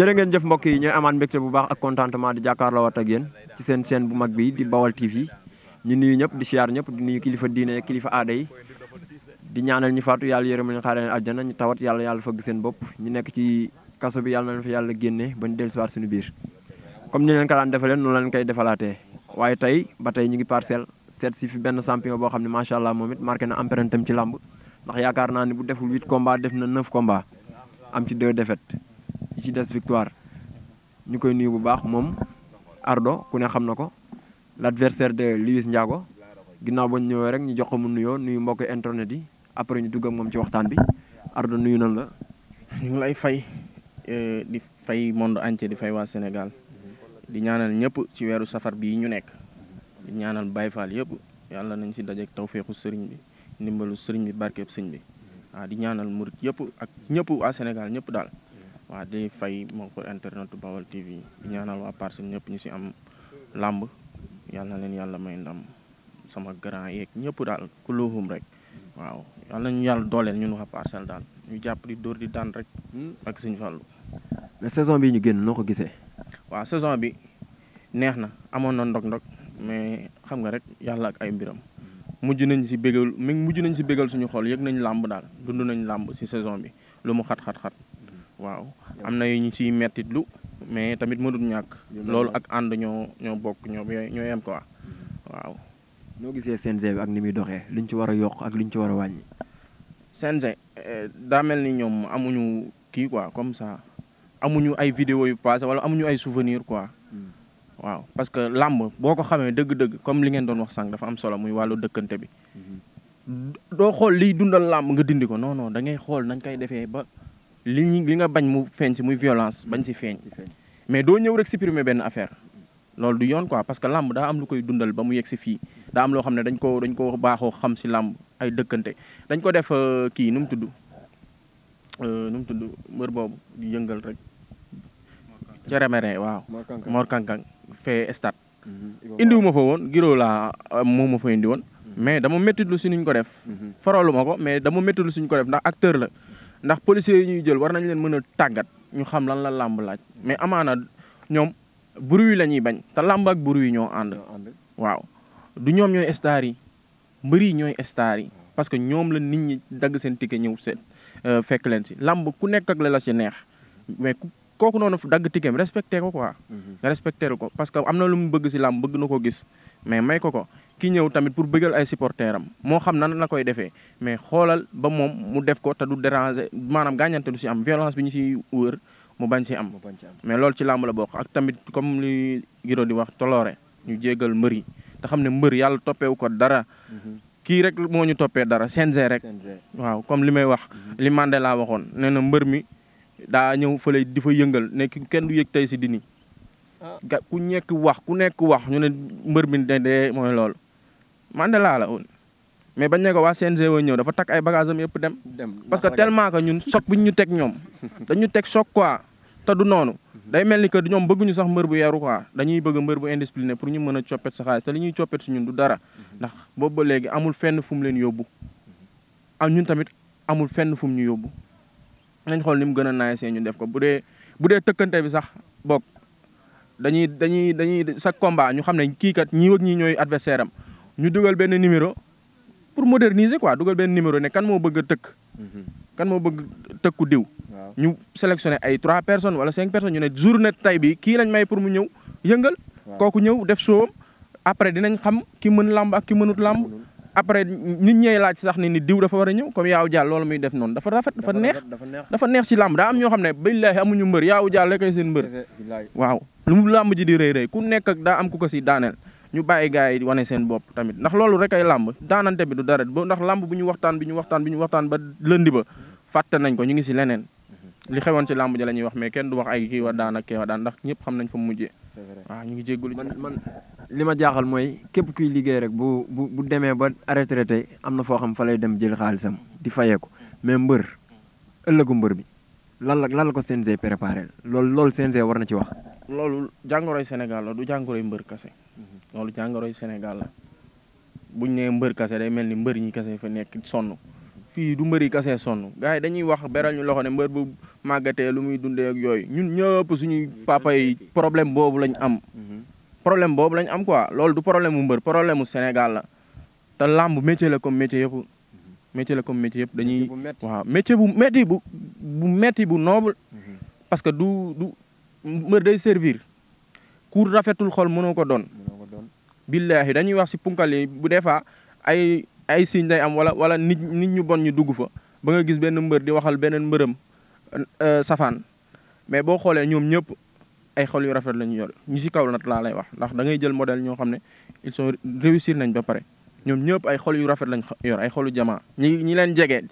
jëre ngeen jëf mbokk yi ñooy amaat mbégte bu baax ak contentement di jàkkaarloo waat ak yéen ci seen chaîne bu mag bi di Bawal TV ñu nuyu ñëpp di siyaar ñëpp di nuyu kilifa diine kilifa aada yi di ñaanal ñu faatu yàlla mu leen xaaree àjjana ñu tawat yàlla yàlla fëgg seen bopp ñu nekk ci kaso bi yàlla na fa yàlla génne ba ñu dellusiwaat suñu biir comme ni leen ko daan defalee noonu leen koy defalaatee waaye tey ba tey ñu ngi parcelle seet si fi benn champion boo xam ne macha allah moom it marqué na empreinte am ci làmb ndax yaakaar naa ne bu deful huit combat def na neuf combat am ci deux défaites ci des victoire ñu koy nuyu bu baax moom Ardo ku ne xam na ko l' adversaire de Luis Ndiago ginnaaw ba ñu ñëwee rek ñu jox ko mu nuyoo nuyu mbokk internet yi après ñu dugg moom ci waxtaan bi Ardo nuyu nan la. ñu ngi lay fay eh, di fay monde entier di fay waa Sénégal di ñaanal ñëpp ci weeru safar bii ñu nekk di ñaanal Baye Fall yëpp yàlla nañ si dajeeg tawféexu sëriñ bi ndimbalu sëriñ bi barkeeb sëñ bi waaw ah, di ñaanal murit yëpp ak ñëpp waa Sénégal ñëpp daal. waa di fay mbokku internetu Baol TV di ñaanal waa Parcelles ñëpp ñu si am làmb yal na leen yàlla may ndam sama grand yeeg ñëpp daal ku luuxum rek waaw yal nañu yàlla dooleel ñun waa Parcelles daal ñu jàpp di dóor di daan rek hmm, ak suñ Fallu mais saison bi ñu génn noo ko gisee. waaw saison bi neex na amoon na ndog-ndog mais xam nga rek yàlla ak ay mbiram. mujj nañ si bégal mi mujj nañ si bégal suñu xol yëg nañ làmb daal dund nañ làmb si saison bi lu mu xat-xat-xat waaw am na yu ñu ciy mettitlu mais tamit mënut ñàkk. loolu ak ànd ñoo bokk ñoo ñoo yem quoi mm-hmm. gisee CNG ak ni muy doxee liñ ci war a yokk ak liñ ci war a wàññi. CNG eh, daa mel ni ñoom amuñu kii quoi comme ça amuñu ay yu passé wala amuñu ay souvenir quoi. Mm. waaw parce que làmb boo ko xamee dëgg-dëgg comme li ngeen doon wax sànq dafa am solo muy wàllu dëkkante bi. Mm-hmm. doo xool liy dundal làmb nga dindi ko non non da ngay xool nañ koy defee ba li ñu nga bañ mu feeñ si muy violence bañ si feeñ mais doo ñëw rek supprimer benn affaire loolu du yoon quoi parce que làmb daa am lu koy dundal ba mu yegg si fii daa am loo xam ne dañ ko dañ ko baaxoo xam si làmb ay dëkkante dañ ko def euh, kii nu mu tudd euh, nu tudd mbër boobu di yëngal rek ca Réméré waaw Mor Kankang fee stade mm-hmm. indiwu ma fa woon giroo laa euh, moo ma fa indi woon mm-hmm. mais dama métti lu si nuñ ko def mm-hmm. faralu ko mais dama métti lu suñ ko def ndax acteur la ndax policiers yi ñuy jël war nañ leen mën a tàggat ñu xam lan la làmb laaj mais amaana ñoom bruit la ñuy bañ te làmb ak bruit ñoo ànd. waaw du ñoom ñooy star yi mbër yi ñooy star yi parce que ñoom la nit ñi dagg seen tike ñëw seet euh, fekk leen si làmb ku nekk ak la la si neex mais ku kooku noonu dagg ticket respecté ko quoi. Mm-hmm. respecté ko parce que am na lu mu bëgg si làmb bëgg na ko gis mais may ko ko. ki ñëw tamit pour bëggal ay supporters am moo xam nan na koy defee mais xoolal ba moom mu def ko te du déranger maanaam gaañante du si am violence bi ñu si wër mu bañ si am. mais loolu ci làmb la bokk ak tamit comme li Giro di wax toloore ñu jéggal mbër yi te xam ne mbër yàlla toppewu ko dara. Mhm. kii rek moo ñu toppee dara CNG rek. waaw comme li may wax. Mhm. li laa waxoon nee na mbër mi daa ñëw fële di fa yëngal nekk kenn du yëg tey si dini. Ah. ku nekk wax ku nekk wax ñu ne mbër mi de mooy loolu. Mandela la woon mais bañ ne ko waa CNG woo ñëw dafa takk ay bagages yëpp dem. dem parce que tellement que ñun choc bu ñu teg ñoom. dañu teg choc quoi te du noonu. day mel ni que ñoom ñu sax mbër bu yaru quoi dañuy bëgg mbër bu indiscipliné pour ñu mën a coppet sa xaalis te li ñuy coppet si ñun du dara ndax boobu ba léegi amul fenn fu mu leen yóbbu am ah, ñun tamit amul fenn fu mu ñu yóbbu nañ xool ni mu gën a naay see ñu def ko bu dee bu dee tëkkante bi sax bokk dañuy dañuy dañuy sa combat xam ne kii kat ñii ak ñii ñooy adversaire am ñu dugal benn numéro pour moderniser quoi dugal benn numéro ne kan moo bëgg a tëkk. Mhm. kan moo bëgg tëkku diw. ñu sélectionné ay trois personnes wala cinq person ñu ne journée tay bi kii lañ may pour mu ñëw yëngal. kooku ñëw def show après dinañ xam ki mën làmb ak ki mënut làmb. après ñu ñey laaj sax ni ni diw dafa war a ñëw comme yaaw jaal loolu muy def noonu dafa rafet dafa neex dafa neex ci làmb daa am ñoo xam ne billaahi amuñu mbër yaaw jaal la koy seen waaw lu mu làmb ji di rëy ku nekk ak daa am ku ko ci daaneel ñu bàyyi gars yi wane seen bopp tamit ndax loolu rek ay làmb daanante bi du dara ba ndax làmb bu ñu waxtaan bi ñu waxtaan bi ñu waxtaan ba lëndi ba fàtte nañ ko ñu ngi si leneen mhm. li xewoon ci làmb ja la ñuy wax mais kenn du wax ay kii wa daan ak kii wa daan ndax ñëpp xam nañ fa mujjee waaw ñu ngi jéggulu man man li ma jaaxal mooy képp kuy liggéey rek bu bu bu demee ba retraité am na foo xam fa lay dem jël xaalisam di fayeeku mais mbër ëllëgu mbër bi lan la lan la ko CNG préparé loolu loolu CNG war na ci wax loolu jàngoroy Sénégal la du jàngoroy mbër kase mhm. loolu jàngoroy Sénégal buñ nee mbër kase day mel ni mbër ñi kase fa nekk sonn fii du mbëri kase sonn gars yi dañuy wax beral ñu loxo ne mbër bu màggatee lu muy dundee ak yooyu ñun ñëpp suñuy papa yi problème boobu lañ am mhm. problème boobu lañ am quoi loolu du problème mu mbër problème mu Sénégal te làmb métier la comme métier yëpp mhm. métier la comme métier yëpp dañuy waaw métier bu métti bu bu métti bu noble du mbër day servir ku rafetul xol mënoo ko doon billaahi dañuy wax si punkal yi bu des fois ay ay signe day am wala wala nit nit ñu bon ñu dugg fa ba nga gis benn mbër di waxal beneen mbërëm euh, safaan mais boo xoolee ñoom ñëpp ay xol yu rafet la ñu yor ñu si kaw nat laa lay wax ndax dangay jël modèle ñoo xam ne ils sont réussir nañ ba pare ñoom ñëpp ay xol yu rafet lañ yor ay xolu jamaa ñi ñi leen jege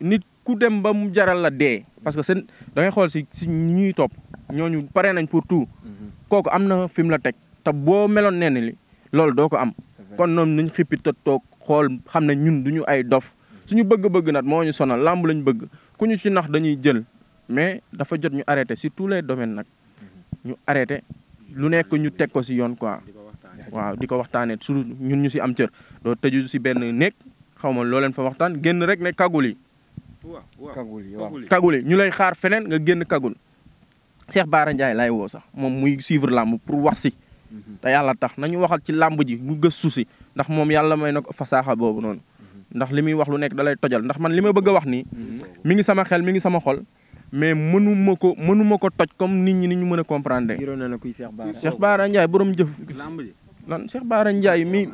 nit ku dem ba mu jaral la dee parce que seen da ngay xool si si ñuy topp ñooñu pare nañ pour tout mhm. kooku am na fi mu la teg te boo meloon nee li loolu doo ko am kon noonu nañ xippi te toog xool xam ne ñun du ñu ay dof mhm. su ñu bëgg-bëgg nag moo ñu sonal làmb lañ bëgg ku ñu ci nax dañuy jël mais dafa jot ñu arrêté si tous les domaines nag mhm. ñu arrêté lu nekk ñu teg ko si yoon quoi waaw di ko waxtaanee surtout ñun ñu si am cër doo tëju si benn néeg xaw ma loo leen fa waxtaan génn rek ne kagul yi kagul yi ñu lay xaar feneen nga génn kagul Cheikh Baara Ndiaye laay woo sax moom muy suivre làmb pour wax si. Mhm. te yàlla tax nañu waxal ci làmb ji mu gëstu si ndax moom yàlla may na ko fa fasaaxa boobu noonu. Mhm. ndax li muy wax lu nekk da lay tojal ndax man li ma bëgg a wax nii. Mhm. mi ngi sama xel mi ngi sama xol. mais mënu ma ko mënu ma ko toj comme nit ñi ni ñu mën a comprendre. yoroon na la kuy Cheikh Baara Cheikh Baara Ndiaye borom jëf. làmb lan Cheikh Baara Ndiaye mii.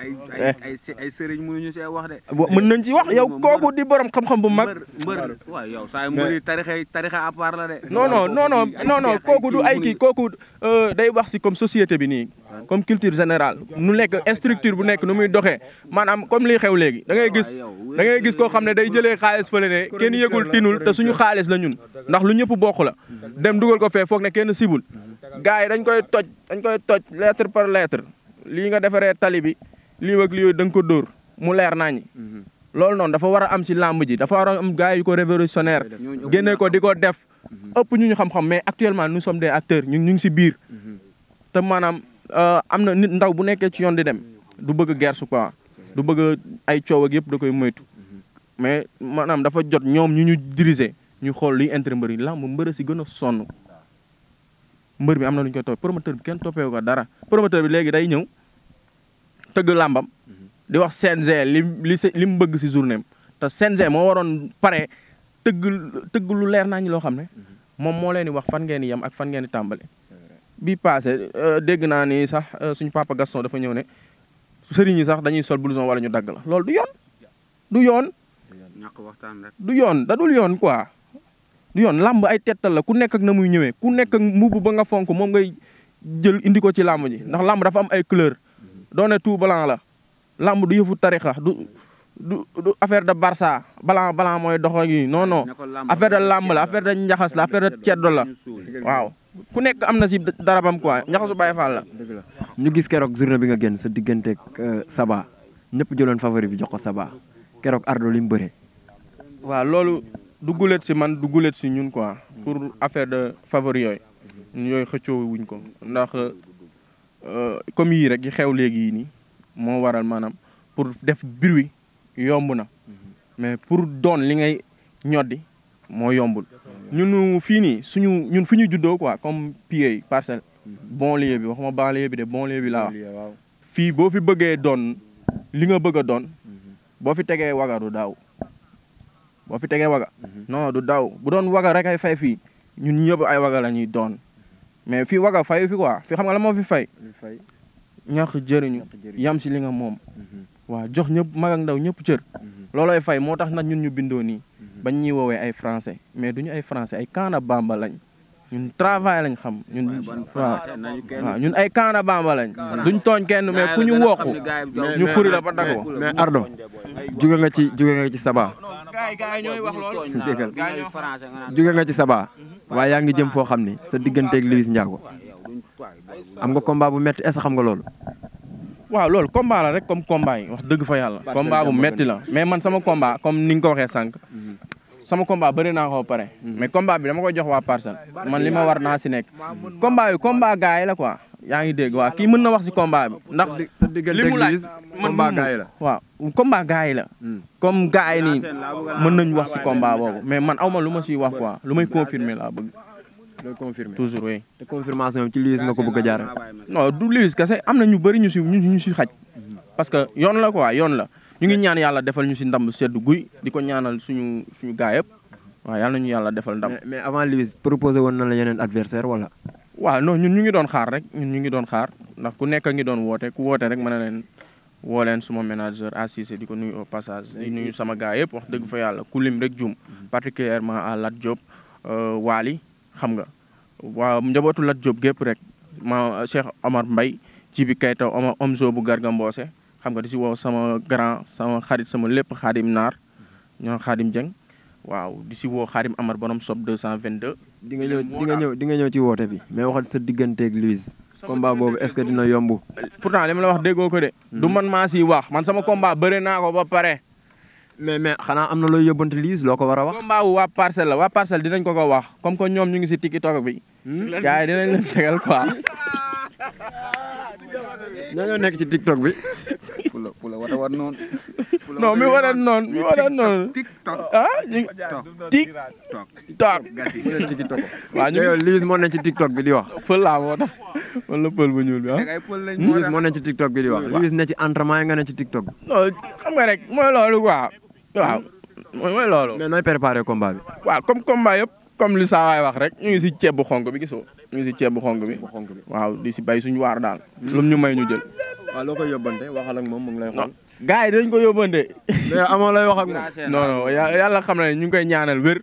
ay ay eh. ay sëriñ mënuñu see wax de. mën nañ ci wax yow kooku di borom xam-xam bu mag. mbër waaw yow saa yu mbëri tarixa eh. tarixa à part la de. non kooku du ay kii kooku euh, day wax si comme société bi nii. comme culture générale nu nekk structure bu nekk nu muy doxee maanaam comme lii xew léegi da ngay gis da ngay gis koo xam ne day jëlee xaalis fële ne kenn yëgul tinul te suñu xaalis la ndax lu ñëpp bokk la dem dugal ko fee foog ne kenn sibul gars yi dañ koy toj dañ koy toj lettre par lettre lii nga defaree tali bi lii ak li da nga ko dóor mu leer naa nañi loolu noonu dafa war a am ci làmb ji dafa war a am gars yu ko révolutionnaire génne ko di ko def ëpp ñu ñu xam-xam mais actuellement nous sommes des acteurs ñu ñu ngi ci biir Euh, am na nit ndaw bu nekkee ci yoon di dem du bëgg gersu quoi du bëgg ay coow ak yëpp da koy moytu mais maanaam dafa jot ñoom ñu ñu diriger ñu xool liy intérêt mbër yi làmb mbër si gën a sonn mbër bi am na lu ñu koy topp promoteur bi kenn toppee ko dara promoteur bi léegi day ñëw tëgg làmbam di wax CNG li li li mu bëgg si journée te CNG moo waroon pare tëgg tëgg lu leer naa ñu loo xam ne moom moo leen di wax fan ngeen di yem ak fan ngeen di tàmbale bi passé euh, dégg naa ni sax euh, suñu papa Gaston dafa ñëw ne sëriñ yi sax dañuy sol blouson wala ñu dagg la loolu du yoon du yoon ñàkk waxtaan du yoon da yoon quoi du yoon làmb ay tettal la ku nekk ak muy ñëwee ku nekk ak ba nga fonk moom ngay jël indi ko ci làmb ji ndax làmb dafa am ay couleur doone tu blanc la làmb du yëfu tarixa du du du affaire de Barça blanc blanc mooy dox ak yi non non affaire de làmb la affaire de njaxas la affaire de ceddo la waaw ku nekk am na si dara quoi ñaxasu Baye Fall la. dëgg la ñu gis keroog journée bi nga génn sa digganteeg euh, Saba ñëpp jëloon favori bi jox ko Saba keroog Ardo li mu bëre. waaw loolu du gulet si man du gulet si ñun quoi pour affaire de favori yooyu yooyu xëccoo wuñ ko ndax euh, comme yii rek yi xew léegi yi nii moo waral maanaam pour def bruit yomb na mm-hmm. mais pour doon li ngay ñoddi moo yombul ñun fii nii suñu ñun fu ñu juddoo quoi comme pied parcelle mhm. bon lieu bi waxuma banlieue bi de bon lieu bi wax fii boo fi bëggee doon li nga bëgg a doon mhm. boo fi tegee waga du daaw boo fi tegee waga mhm. non du daaw bu doon waga rek ay fay fii ñun ñëpp ay waga la doon mais fii waga fay fi quoi fii xam nga la moo fi fay ñàkk jëriñu yam si li nga moom waa jox ñëpp mag ndaw ñëpp cër loolooy fay moo tax nag ñun ñu bindoo nii bañ ñuy woowee ay français mais duñu ay français ay kaana bamba lañ ñun travail lañ xam ñun waaw ñun ay kaana bamba lañ duñ tooñ kenn mais ku ñu wooku ñu furi la ba dag ko mais nga ci jóge nga ci Saba déggal jóge nga ci Saba waaye yaa ngi jëm foo xam ni sa diggante Liss Ndiago am nga combat bu métti est xam nga loolu waaw loolu combat la rek comme combat wax dëgg fa yàlla combat bu metti la mais man sama combat comme ni nga ko waxee sànq sama combat bëri naa ko ba pare. Mhm. mais combat bi dama koy jox waa parcelle. man li ma war naa si nekk. combat bi combat gars yi la quoi. yaa ngi dégg waa kii mën na wax si combat bi ndax. li mu laaj combat gars yi la. waaw combat yi la. comme gars yi nii mën nañu wax si combat boobu mais man aw ma lu ma siy wax quoi lu may confirmer laa bëgg. toujours oui. te confirmation bi ci Liss nga ko bëgg a jaarale. non du Liss kese am na ñu bëri ñu si ñu si mhm. parce que yoon la quoi yoon la. ñu ngi ñaan yàlla defal ñu si ndam sedd guy di ko ñaanal suñu suñu gaa yëpp waaw yàlla ñu yàlla defal ndam. mais avant Liss proposé woon na la yeneen adversaire wala. waaw non ñun ñu ngi doon xaar rek ñu ngi doon xaar ndax ku nekk a ngi doon woote ku woote rek ma na leen woo leen suma manager assisé di ko nuyu au passage di nuyu sama gaa yëpp wax dëgg fa yàlla ku lim rek juum. Mm-hmm. particulièrement à Lat job euh, Waly xam nga waaw njabootu Lat Diop gépp rek ma Cheikh Omar Mbaye ci bi Kayta Omar Omzo bu Garga Mbossé xam nga di si woo sama grand sama xarit sama lépp xaadim naar ñoo xaadim Dieng waaw di si woo xaadim Amar borom sob 222. di nga de di nga ñëw di nga ñëw ci woote bi. mais waxal sa digganteeg Louise. combat boobu est-ce que dina yomb. pourtant li ma la wax déggoo ko de. du hmm. man maa siy wax man sama combat bëre naa ko ba pare. mais mais xanaa am na loo yóbbante Liss loo ko war a wax. combat wu waa parcelle la waa parcelle dinañ ko ko wax comme que ñoom ñu ngi si TikTok bi. Hmm? gars yi dinañ leen tegal quoi. ñoo nekk ci TikTok bi. pula pula wata wat noon non mi waɗat noon mi waɗat noon ah ñu tiktok tok tiktok waaw ñu liis moo nañ ci tiktok bi di wax pël laa moo tax wala pël bu ñuul bi ah liis moo bi di wax liis ne ci entraînement yi nga ne ci tiktok bi non xam nga rek mooy loolu quoi waaw mooy loolu mais nooy préparé combat bi waaw comme combat yëpp comme li saa waay si ceeb bu xonk bi gisoo ñu ngi si ceeb bu xonk bi waaw di si bay suñu waar daal lum ñu may ñu jël waaw loo koy yóbbante waxal ak moom mu ngi lay xool yi dañ ko yóbbante amoo lay wax ak moom non non yàlla xam na ñu ngi koy ñaanal wér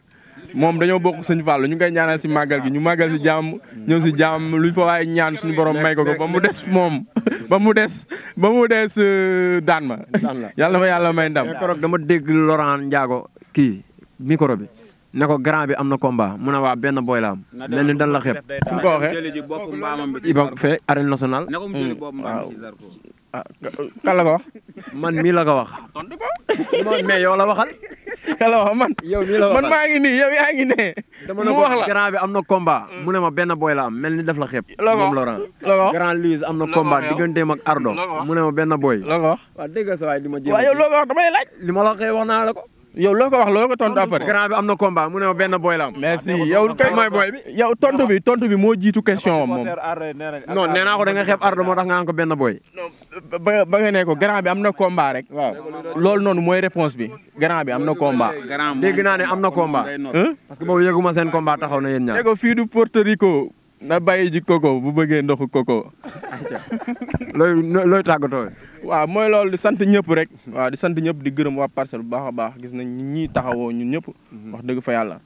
moom dañoo bokk sëñ Fallou ñu ngi koy ñaanal si màggal gi ñu màggal si jàmm ñëw si jàmm luñ fa waaye ñaan suñu borom may ko ko ba mu des moom ba mu des ba mu des euh, daan ma yàlla ma yàlla may ndam keroog dama dégg Laurent Ndiago kii micro bi ne ko grand bi am na combat mu ne waa benn booy la am mel ni dan la xeeb fu mu ko waxee Iba la ko wax man yow la waxal kan la ko bi am na combat mu ne ma benn booy la am mel ni daf la xeeb moom Laurent grand am na combat digganteem ak Ardo mu ne ma benn booy la ko wax waaw wax damay laaj li ma la waxee wax naa la ko yow loo ko wax loo ko tontu après. grand bi am na combat mu ne ma benn boy la ah, merci yow kay mooy boy bi. moo jiitu question am moom. non nee naa ko da nga xeeb ardo moo tax nga naan ko benn boy. ba ne ko grand bi am na combat rek. waaw noonu mooy réponse bi grand bi am na combat. dégg naa ne am na combat. parce que boobu yëguma seen combat taxaw na yéen ñaar. fii du Porto Rico. na bàyyi ji koko bu bëggee ndoxu koko. looy looy tàggatoo. waaw mooy loolu di sant ñëpp rek. waaw di sant ñëpp di gërëm waa parcelle bu baax a baax gis nañ ñi taxawoo ñun ñëpp. Mhm. wax dëgg fa yàlla.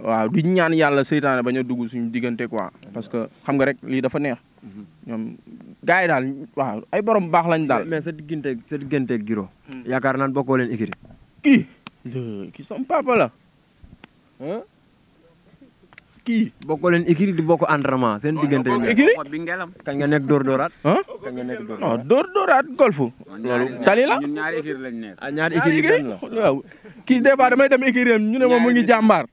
waaw di ñaan yàlla seytaane bañ a dugg suñu diggante quoi parce que xam nga rek lii dafa neex. Mhm. ñoom gars yi daal waaw ay borom baax lañ daal. mais sa diggante sa diggante Giro. Hmm. yaakaar naan bokkoo leen écrire. kii kii sama papa la. kii bokkoo leen écurie di bokk entraînement seen oh, diggante bi ngelam kañ nga nekk dóor dóoraat ah la ñun ñaari écurie lañ nekk ah ñaari kii des fois damay dem ñu ne ma mu ngi jàmbaar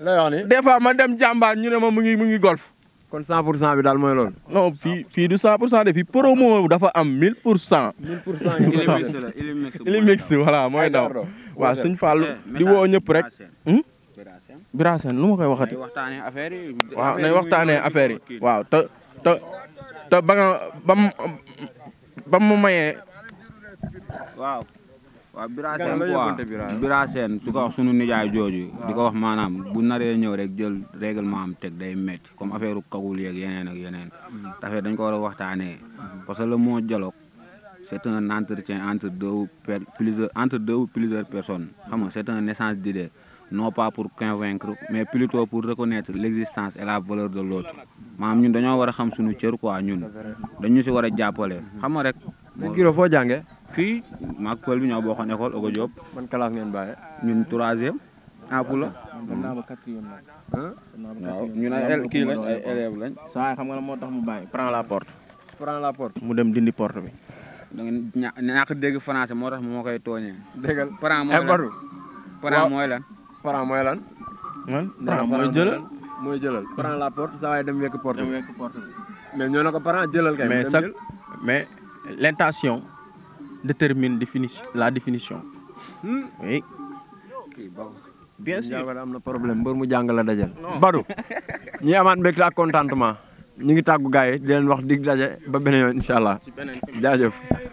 lay wax ma dem jàmbaar ñu ne ma mu ngi mu ngi golf kon 100 pour cent bi daal mooy loolu. non fii fii du 100 pour cent de fii promo dafa am 1000 pour cent. 1000 pour cent Illimix la Illimix mooy daw waaw suñ Fallou di woo ñëpp rek. Bira Sène lu ma koy waxati. waaw nay waxtaanee affaire waaw te te te ba mu ba mu mayee. waaw. waaw Bira Sène su ko wax sunu nijaay jooju. di ko wax maanaam bu naree ñëw rek jël règlement am teg day métti comme affaire kagul yeeg yeneen ak yeneen. Mm. affaire dañ ko war a waxtaanee. Mm-hmm. parce que le mot dialogue c' est un entretien entre deux ou plusieurs entre deux ou plusieurs personnes. xam nga c' non pas pour convaincre mais plutôt pour reconnaître l'existence et la valeur de l'autre maanaam ñun dañoo war a xam suñu cër quoi ñun dañu si war a jàppale xam nga rek. ñun Giro foo jàngee. fii maag pël bi ñoo boo école Ogo Diop. ban classe ngeen bàyyee. ñun troisième. ah pour la. waaw ñun ay kii lañ ay élèves xam nga la moo tax mu bàyyi prend la porte. prend la porte mu dem dindi porte bi. donc ña ñàkk dégg français moo tax moo koy tooñee. déggal prend mooy lan eh, prend Franc mooy lan. man mooy jëlal mooy jëlal. Franc la porte saa waay dem wekk porte bi. wekk porte mais ñoo na ko Franc jëlal kay. mais sax mais l' intention détermine définition la définition. Hmm? oui. bien sûr am na problème mbër mu jàng la dajal. Badou ñi amaat mbégte ak contentement ñu ngi tàggu gars yi di leen wax dig daje ba beneen yoon incha allah jaajëf.